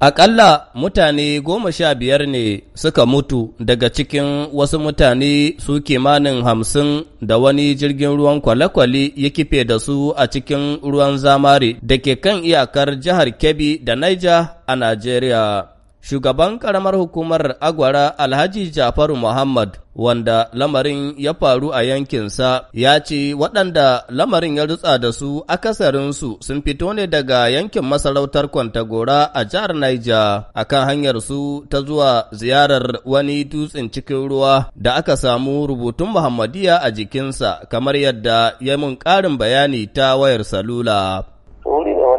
Aƙalla mutane goma sha biyar ne suka mutu daga cikin wasu mutane su kimanin hamsin da wani jirgin ruwan kwale-kwale ya kife da su a cikin ruwan Zamari da ke kan iyakar jihar Kebbi da Niger a Najeriya. Shugaban ƙaramar hukumar Agwara Alhaji Jafaru Muhammad wanda lamarin ya faru a yankinsa ya ce waɗanda lamarin ya rutsa da su akasarinsu sun fito ne daga yankin masarautar Kwantagora a jihar Naija a kan su ta zuwa ziyarar wani dutsen cikin ruwa da aka samu rubutun Muhammadiya a jikinsa kamar yadda ya mun ƙarin bayani ta wayar salula.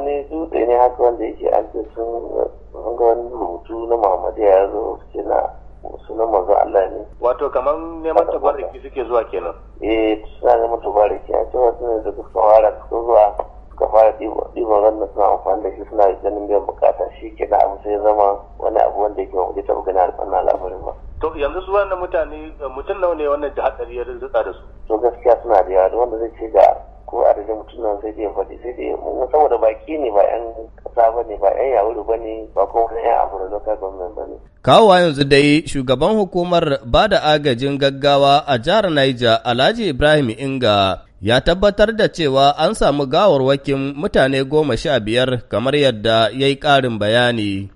wani da ne haka wanda yake an ce sun ga wani rubutu na muhammadu ya zo na sunan mazu Allah ne. Wato kamar neman tabariki suke zuwa kenan. Eh suna neman tabariki a cewa suna da daga fara suka zuwa suka fara ɗiban ranar suna amfani da shi suna ganin biyan bukata shi ke da amsa ya zama wani abu wanda yake wani taɓa gani alfanna labarin ba. To yanzu su wannan mutane mutum nawa ne wannan da hatsari ya rinzuka da su. To gaskiya suna da yawa da wanda zai ce ga ko adadin mutum nan sai dai faɗi sai dai mu saboda baki ne ba yan ƙasa ba ne ba yan yawuri ba ne ba ko wani yan abu da local gwamnan ba ne. Kawowa yanzu dai shugaban hukumar ba da agajin gaggawa a jihar Niger Alhaji Ibrahim Inga ya tabbatar da cewa an samu gawarwakin mutane goma sha biyar kamar yadda ya yi ƙarin bayani.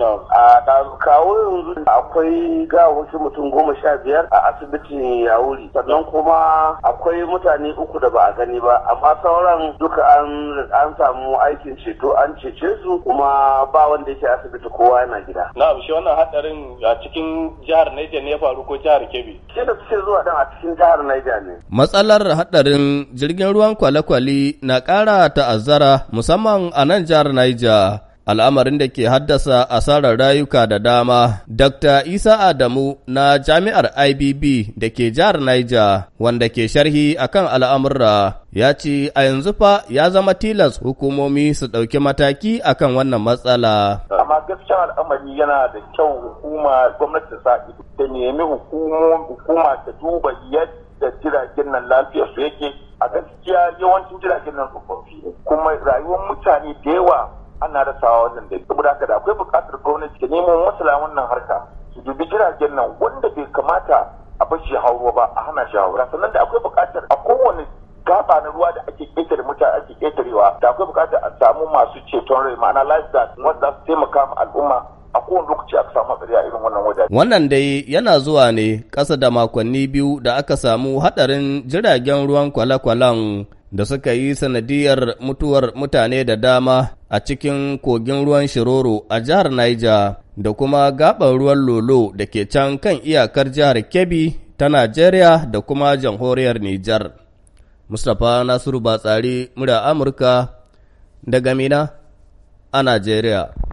A kawo yanzu akwai wasu mutum goma sha biyar a asibitin Yawuri. Sannan kuma akwai mutane uku da ba a gani ba. Amma sauran duka an samu aikin ceto an cece su kuma ba wanda yake asibiti kowa yana gida. na shi wannan hadarin a cikin jihar Niger ne ya faru ko jihar Kebbi. ke da suke zuwa dan a cikin jihar Niger ne. Matsalar hadarin jirgin ruwan kwale-kwale na ƙara ta'azzara musamman a nan jihar Niger. al'amarin da ke haddasa asarar rayuka da dama. Dr. Isa Adamu na jami'ar IBB da ke jihar Niger wanda ke sharhi akan al'amurra ya ce a yanzu fa ya zama tilas hukumomi su ɗauki mataki akan wannan matsala. Amma gaskiya al'amari yana da kyau hukuma gwamnati sa ta nemi hukuma ta duba yadda jiragen nan lafiya su yake a gaskiya yawancin jiragen nan tsofaffi kuma rayuwar mutane da yawa ana rasawa wajen da saboda haka da akwai buƙatar gwamnati ta nemo masala wannan harka su dubi jiragen nan wanda bai kamata a bar shi hauro ba a hana shi haura sannan da akwai buƙatar a kowane gaba na ruwa da ake ketare mutane ake ketarewa da akwai buƙatar a samu masu ceton rai ma'ana life guard wanda su taimaka ma al'umma a kowane lokaci a samu hatsari a irin wannan wajen. Wannan dai yana zuwa ne kasa da makonni biyu da aka samu haɗarin jiragen ruwan kwale-kwalen da suka yi sanadiyar mutuwar mutane da dama a cikin kogin ruwan Shiroro a jihar Niger da kuma gabar ruwan Lolo da ke can kan iyakar jihar Kebbi ta Najeriya da kuma jamhuriyar Nijar. Mustapha Nasiru Batsari, murya Amurka daga Mina a Najeriya.